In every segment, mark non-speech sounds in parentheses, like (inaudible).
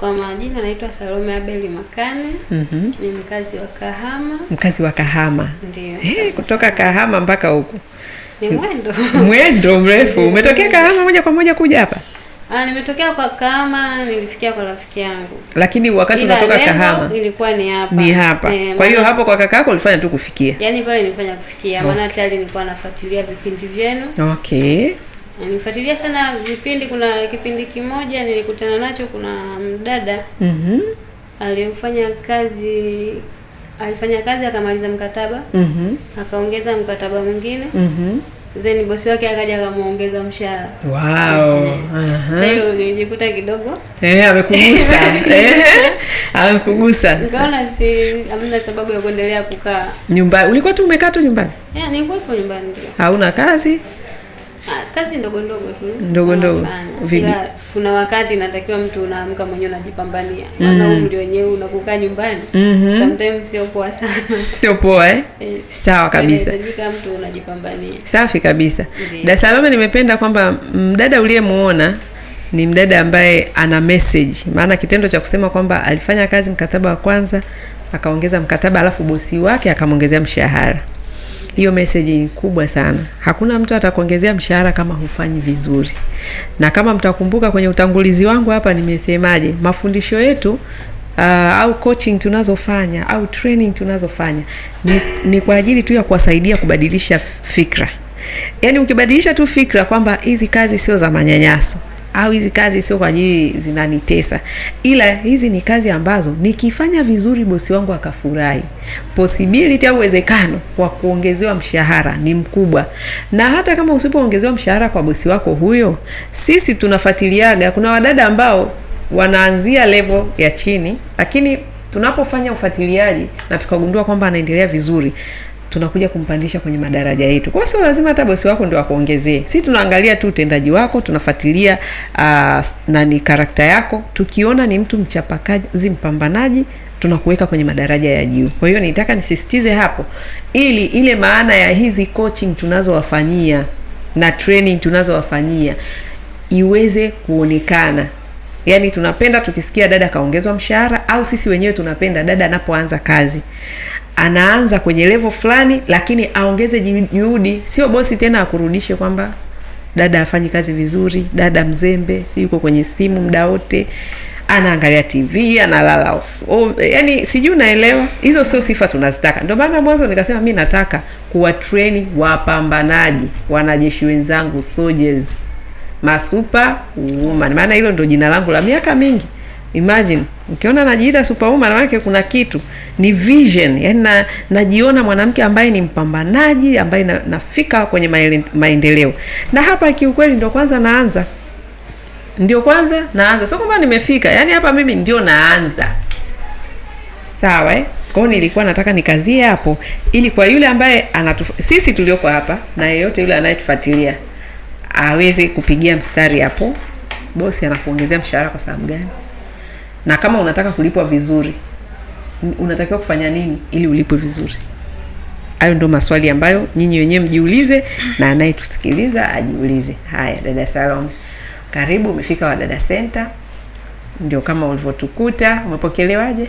Kwa majina naitwa Salome Abeli Makane. mm -hmm. Ni mkazi wa Kahama. Mkazi wa Kahama. Ndiyo. Hey, eh, kutoka Kahama mpaka huku ni mwendo (laughs) mwendo mrefu. Umetokea Kahama moja kwa moja kuja hapa? Ah, nimetokea kwa Kahama, nilifikia kwa rafiki yangu, lakini wakati unatoka Kahama ilikuwa ni hapa, ni hapa. E, kwa hiyo hapo kwa kaka yako ulifanya tu kufikia, yaani pale nilifanya kufikia, maana okay. tayari nilikuwa nafuatilia vipindi vyenu okay Nifuatilia sana vipindi. Kuna kipindi kimoja nilikutana nacho, kuna mdada mm -hmm. alifanya kazi alifanya kazi akamaliza mkataba mm -hmm. akaongeza mkataba mwingine mm -hmm. then bosi wake akaja akamuongeza mshahara. Wow. Sasa nilijikuta kidogo eh, amekugusa (laughs) eh, amekugusa, nikaona si hamna sababu ya kuendelea kukaa nyumbani. Ulikuwa tu umekaa tu nyumbani? Yeah, nilikuwa nyumbani. Hauna kazi Ah, kazi ndogo ndogo tu ndogo ndogo vipi? Kuna wakati natakiwa mtu unaamka mwenyewe unajipambania, mm. Mm-hmm. maana mm. umri wenyewe unakukaa nyumbani mm -hmm. sometimes sio poa sana, (laughs) sio poa eh? E, sawa yaani kabisa, inahitajika mtu unajipambania. Safi kabisa Zee. Da Salome, nimependa kwamba mdada uliyemuona ni mdada ambaye ana message, maana kitendo cha kusema kwamba alifanya kazi mkataba wa kwanza akaongeza mkataba, alafu bosi wake akamwongezea mshahara hiyo meseji ni kubwa sana. Hakuna mtu atakuongezea mshahara kama hufanyi vizuri. Na kama mtakumbuka kwenye utangulizi wangu hapa nimesemaje, mafundisho yetu uh, au coaching tunazofanya au training tunazofanya ni, ni kwa ajili tu ya kuwasaidia kubadilisha fikra. Yaani ukibadilisha tu fikra kwamba hizi kazi sio za manyanyaso au hizi kazi sio kwa ajili zinanitesa, ila hizi ni kazi ambazo nikifanya vizuri bosi wangu akafurahi, possibility au uwezekano wa kuongezewa mshahara ni mkubwa. Na hata kama usipoongezewa mshahara kwa bosi wako huyo, sisi tunafuatiliaga, kuna wadada ambao wanaanzia level ya chini, lakini tunapofanya ufuatiliaji na tukagundua kwamba anaendelea vizuri tunakuja kumpandisha kwenye madaraja yetu. Kwa hiyo sio lazima hata bosi wako ndio akuongezee. Sisi tunaangalia tu utendaji wako, tunafuatilia uh, nani karakta yako. Tukiona ni mtu mchapakazi, mpambanaji tunakuweka kwenye madaraja ya juu. Kwa hiyo nitaka nisisitize hapo, ili ile maana ya hizi coaching tunazowafanyia na training tunazowafanyia iweze kuonekana. Yaani tunapenda tukisikia dada kaongezwa mshahara, au sisi wenyewe tunapenda dada anapoanza kazi anaanza kwenye level fulani, lakini aongeze juhudi, sio bosi tena akurudishe kwamba dada afanyi kazi vizuri, dada mzembe, si yuko kwenye simu muda wote, anaangalia TV, analala. yani sijui unaelewa, hizo sio sifa tunazitaka. Ndio maana mwanzo nikasema mi nataka kuwatreni wapambanaji, wanajeshi wenzangu, soldiers, masupa woman, maana hilo ndio jina langu la miaka mingi. Imagine ukiona najiita superwoman, maana kuna kitu ni vision, yani na, najiona mwanamke ambaye ni mpambanaji ambaye na, nafika kwenye maendeleo. Na hapa kiukweli ndio kwanza naanza, ndio kwanza naanza, sio kwamba nimefika, yani hapa mimi ndio naanza, sawa eh? Kwa hiyo nilikuwa nataka nikazie hapo, ili kwa yule ambaye anatu sisi tulioko hapa na yeyote yule anayetufuatilia aweze kupigia mstari hapo, bosi anakuongezea mshahara kwa sababu gani? na kama unataka kulipwa vizuri unatakiwa kufanya nini ili ulipwe vizuri? Hayo ndio maswali ambayo nyinyi wenyewe mjiulize na anayetusikiliza ajiulize. Haya, dada Salome, karibu. Umefika wa dada Center, ndio kama ulivyotukuta. Umepokelewaje?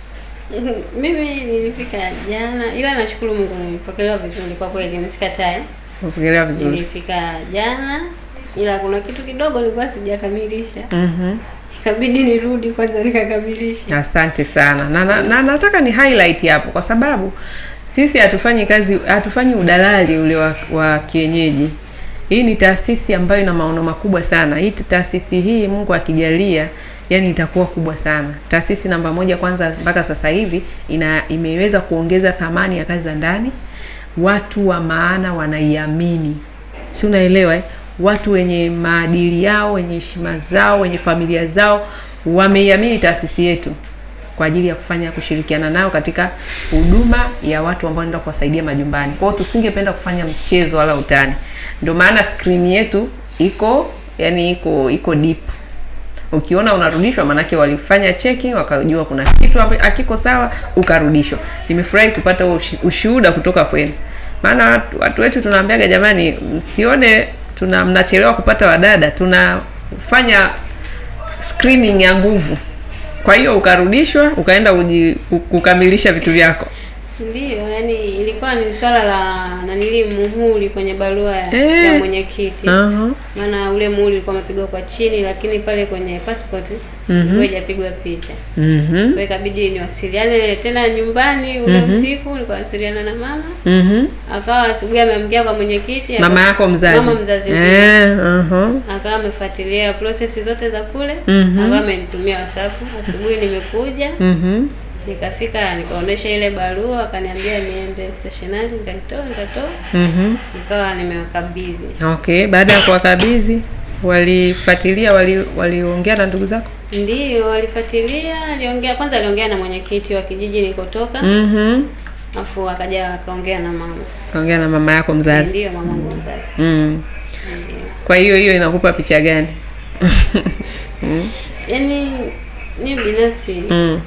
(laughs) Mimi nilifika jana, ila nashukuru Mungu nilipokelewa vizuri kwa kweli, nisikatae. Umepokelewa vizuri? Nilifika jana, ila kuna kitu kidogo nilikuwa sijakamilisha. Mhm. Mm ikabidi nirudi kwanza nikakamilisha. Asante sana na, na, na nataka ni highlight hapo kwa sababu sisi hatufanyi kazi, hatufanyi udalali ule wa, wa kienyeji. Hii ni taasisi ambayo ina maono makubwa sana. Hii taasisi hii Mungu akijalia yani itakuwa kubwa sana. Taasisi namba moja kwanza mpaka sasa hivi ina imeweza kuongeza thamani ya kazi za ndani. Watu wa maana wanaiamini. Si unaelewa eh? watu wenye maadili yao, wenye heshima zao, wenye familia zao wameiamini taasisi yetu kwa ajili ya kufanya kushirikiana nao katika huduma ya watu ambao wanaenda kuwasaidia majumbani. Kwa hiyo tusingependa kufanya mchezo wala utani. Ndio maana skrini yetu iko yani iko iko deep. Ukiona unarudishwa, maanake walifanya checking, wakajua kuna kitu hapo akiko sawa, ukarudishwa. Nimefurahi kupata ushuhuda kutoka kwenu, maana watu, watu wetu tunaambiaga jamani, msione tuna mnachelewa kupata wadada, tunafanya screening ya nguvu. Kwa hiyo ukarudishwa ukaenda kukamilisha vitu vyako. ndio ilikuwa ni swala la nanili muhuri kwenye barua hey, eh. ya mwenyekiti. Uh-huh. Maana ule muhuri ulikuwa umepigwa kwa chini, lakini pale kwenye passport mm-hmm. haijapigwa picha. Mm-hmm. Kwa ikabidi niwasiliane tena nyumbani ule mm-hmm. usiku nikawasiliana na mama. Mm-hmm. Akawa asubuhi ameamkia kwa mwenyekiti. Mama yako mzazi. Mama mzazi. Eh, uh-huh. Akawa amefuatilia process zote za kule. Mm-hmm. Akawa amenitumia WhatsApp, asubuhi nimekuja. Mm-hmm. Nikafika nikaonesha ile barua, akaniambia niende stationari, nikaitoa nikatoa, mm -hmm. nikawa nimewakabidhi. Okay, baada ya kuwakabizi walifuatilia, waliongea na ndugu zako? ndio walifuatilia, aliongea kwanza, aliongea na mwenyekiti wa kijiji nilikotoka, mm -hmm. afu akaja akaongea na mama, kaongea na mama yako mzazi? mama yangu mzazi. mm. Kwa hiyo hiyo inakupa picha gani? (laughs) mm. Yaani mimi binafsi mm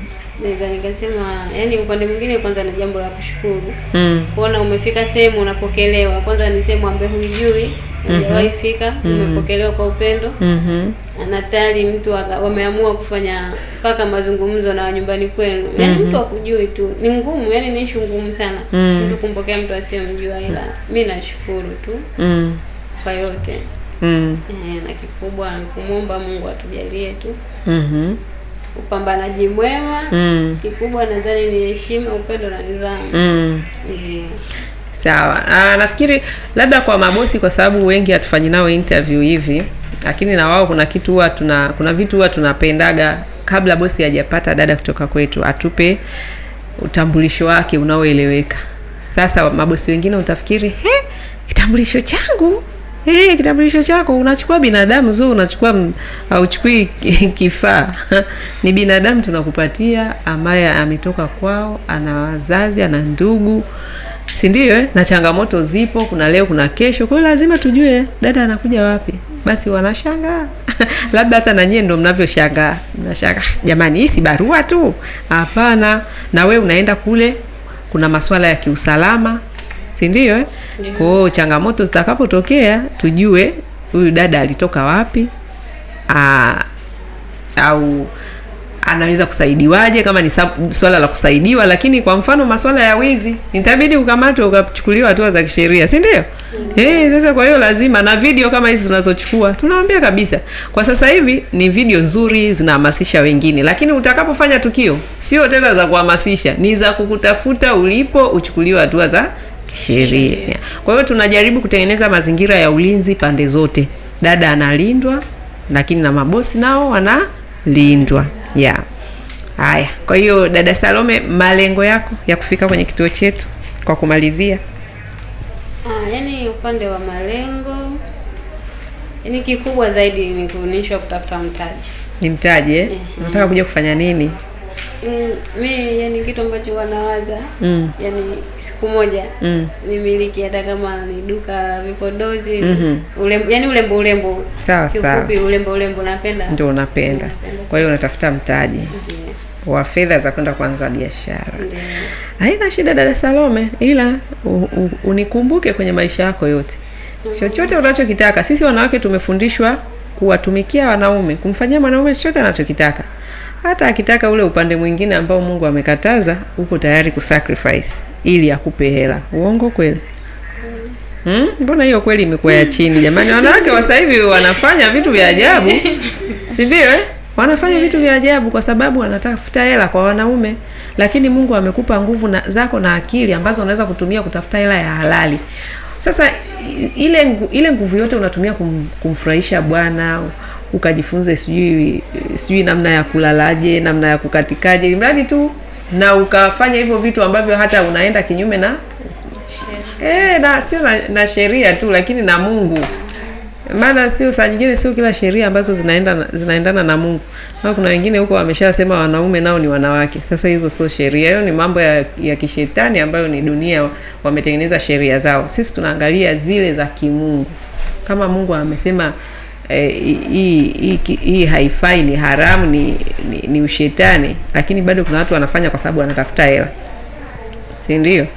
naweza nikasema, yani upande mwingine kwanza ni jambo la kushukuru mm. kuona umefika sehemu unapokelewa. Kwanza ni sehemu ambayo huijui hujawahi mm-hmm. fika mm-hmm. umepokelewa kwa upendo mm -hmm. na tayari mtu wameamua kufanya mpaka mazungumzo na nyumbani kwenu yaani mm -hmm. yani mtu akujui tu ni ngumu, yani ni ishu ngumu sana mm. mtu kumpokea mtu asiyemjua, ila mi nashukuru tu mm. kwa yote mm. E, na kikubwa kumwomba Mungu atujalie tu mm -hmm upambanaji mwema mm. Kikubwa nadhani ni heshima, upendo na nidhamu mm. Sawa. Aa, ah, nafikiri labda kwa mabosi, kwa sababu wengi hatufanyi nao interview hivi, lakini na wao kuna kitu huwa tuna kuna vitu huwa tunapendaga kabla bosi hajapata dada kutoka kwetu atupe utambulisho wake unaoeleweka. Sasa mabosi wengine utafikiri, he, kitambulisho changu hey, kitambulisho chako unachukua binadamu zuu, unachukua auchukui kifaa (laughs) ni binadamu tunakupatia, ambaye ametoka kwao, ana wazazi, ana ndugu, si ndio? Eh, na changamoto zipo, kuna leo, kuna kesho. Kwa lazima tujue dada anakuja wapi. Basi wanashangaa (laughs) labda hata na nyie ndo mnavyoshangaa, mnashanga jamani, hii si barua tu? Hapana, na we unaenda kule, kuna masuala ya kiusalama si ndio eh? Yeah. Kwa changamoto zitakapotokea tujue huyu dada alitoka wapi a, au anaweza kusaidiwaje kama ni swala la kusaidiwa. Lakini kwa mfano maswala ya wizi, nitabidi ukamatwe ukachukuliwa hatua za kisheria, si ndio? mm -hmm. Eh, sasa kwa hiyo lazima na video kama hizi tunazochukua, tunawaambia kabisa, kwa sasa hivi ni video nzuri, zinahamasisha wengine, lakini utakapofanya tukio, sio tena za kuhamasisha, ni za kukutafuta ulipo, uchukuliwa hatua za sheria. Kwa hiyo tunajaribu kutengeneza mazingira ya ulinzi pande zote, dada analindwa, lakini na mabosi nao wanalindwa yeah. Haya, kwa hiyo dada Salome, malengo yako ya kufika kwenye kituo chetu kwa kumalizia? Ah, yani upande wa malengo yani kikubwa zaidi ni kuonyeshwa kutafuta mtaji. Ni mtaji eh? eh Unataka eh. kuja kufanya nini? Mm, mi yani kitu ambacho wanawaza mm. Yani siku moja mm. nimiliki hata kama ni duka vipodozi mm -hmm. Ulem, yani ulembo ulembo, sawa sawa, ulembo ulembo napenda, ndio unapenda. Kwa hiyo unatafuta mtaji Ndiye. wa fedha za kwenda kuanza biashara. Haina shida dada Salome, ila unikumbuke kwenye maisha yako yote, mm. chochote unachokitaka. Sisi wanawake tumefundishwa kuwatumikia wanaume, kumfanyia mwanaume chochote anachokitaka, hata akitaka ule upande mwingine ambao Mungu amekataza, uko tayari kusacrifice ili akupe hela. Uongo kweli? Hmm? Mbona hiyo kweli imekuwa ya chini jamani. Wanawake wa sasa hivi wanafanya vitu vya ajabu, si ndio eh? Wanafanya vitu vya ajabu kwa sababu wanatafuta hela kwa wanaume, lakini Mungu amekupa nguvu na zako na akili ambazo unaweza kutumia kutafuta hela ya halali. Sasa ile ile nguvu yote unatumia kum, kumfurahisha Bwana ukajifunze sijui sijui namna ya kulalaje, namna ya kukatikaje, mradi tu na ukafanya hivyo vitu ambavyo hata unaenda kinyume na eh, na sio na, na sheria tu lakini na Mungu maana sio saa nyingine, sio kila sheria ambazo zinaenda zinaendana na Mungu. Na kuna wengine huko wameshasema wanaume nao ni wanawake. Sasa hizo sio sheria, hiyo ni mambo ya, ya kishetani ambayo ni dunia wametengeneza sheria zao. Sisi tunaangalia zile za kimungu, kama Mungu amesema hii eh, haifai, ni haramu, ni, ni, ni ushetani, lakini bado kuna watu wanafanya kwa sababu wanatafuta hela, si ndio?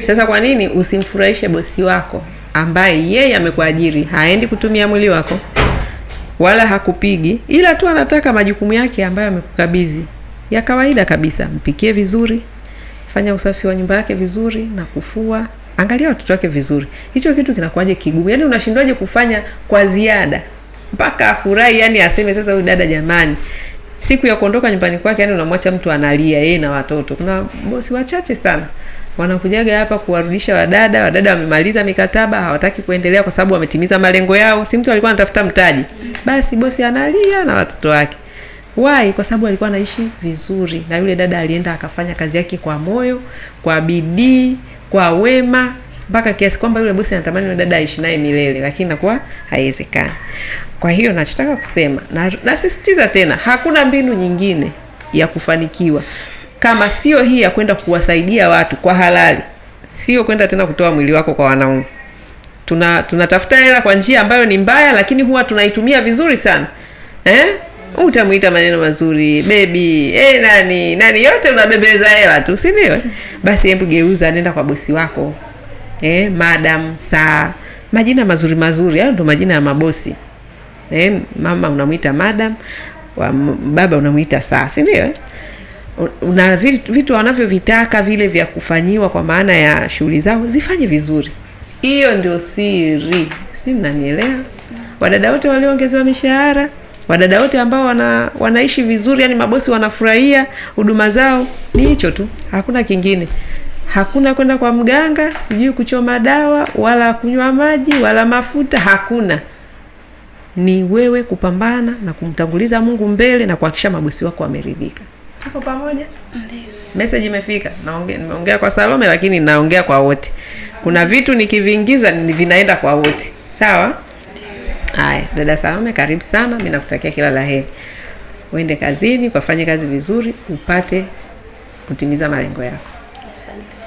Sasa kwa nini usimfurahishe bosi wako ambaye yeye amekuajiri haendi kutumia mwili wako wala hakupigi, ila tu anataka majukumu yake ambayo amekukabidhi ya kawaida kabisa: mpikie vizuri, fanya usafi wa nyumba yake vizuri na kufua, angalia watoto wake vizuri. Hicho kitu kinakuwaje kigumu? Yani unashindwaje kufanya kwa ziada mpaka afurahi, yani aseme sasa, huyu dada jamani, siku ya kuondoka nyumbani kwake, yani unamwacha mtu analia yeye na watoto. Kuna bosi wachache sana wanakujaga hapa kuwarudisha wadada. Wadada wamemaliza mikataba, hawataki kuendelea kwa sababu wametimiza malengo yao. Si mtu alikuwa anatafuta mtaji, basi bosi analia na watoto wake. Why? Kwa sababu alikuwa anaishi vizuri, na yule dada alienda akafanya kazi yake kwa moyo, kwa bidii, kwa wema, mpaka kiasi kwamba yule bosi anatamani yule dada aishi naye milele, lakini nakuwa haiwezekani. Kwa hiyo nachotaka kusema na nasisitiza tena, hakuna mbinu nyingine ya kufanikiwa kama sio hii ya kwenda kuwasaidia watu kwa halali, sio kwenda tena kutoa mwili wako kwa wanaume. Tuna tunatafuta hela kwa njia ambayo ni mbaya, lakini huwa tunaitumia vizuri sana eh? Utamuita maneno mazuri bebi, eh, nani nani, yote unabebeza hela tu, si ndio? Basi hebu geuza, nenda kwa bosi wako eh, madam saa, majina mazuri mazuri hayo, ndo majina ya mabosi eh, mama unamwita madam, baba unamwita saa, si ndio? na vitu wanavyovitaka vile vya kufanyiwa kwa maana ya shughuli zao zifanye vizuri. Hiyo ndio siri, si mnanielewa? Wadada wote walioongezewa mishahara, wadada wote ambao wana, wanaishi vizuri, yani mabosi wanafurahia huduma zao, ni hicho tu, hakuna kingine. Hakuna kwenda kwa mganga, sijui kuchoma dawa wala kunywa maji wala mafuta, hakuna. Ni wewe kupambana na kumtanguliza Mungu mbele na kuhakikisha mabosi wako wameridhika. Tuko pamoja. Ndiyo. Message imefika. Naongea nimeongea kwa Salome lakini naongea kwa wote. Kuna vitu nikiviingiza vinaenda kwa wote. Sawa? Haya, dada Salome karibu sana. Mimi nakutakia kila la heri. Uende kazini, ukafanye kazi vizuri, upate kutimiza malengo yako. Asante.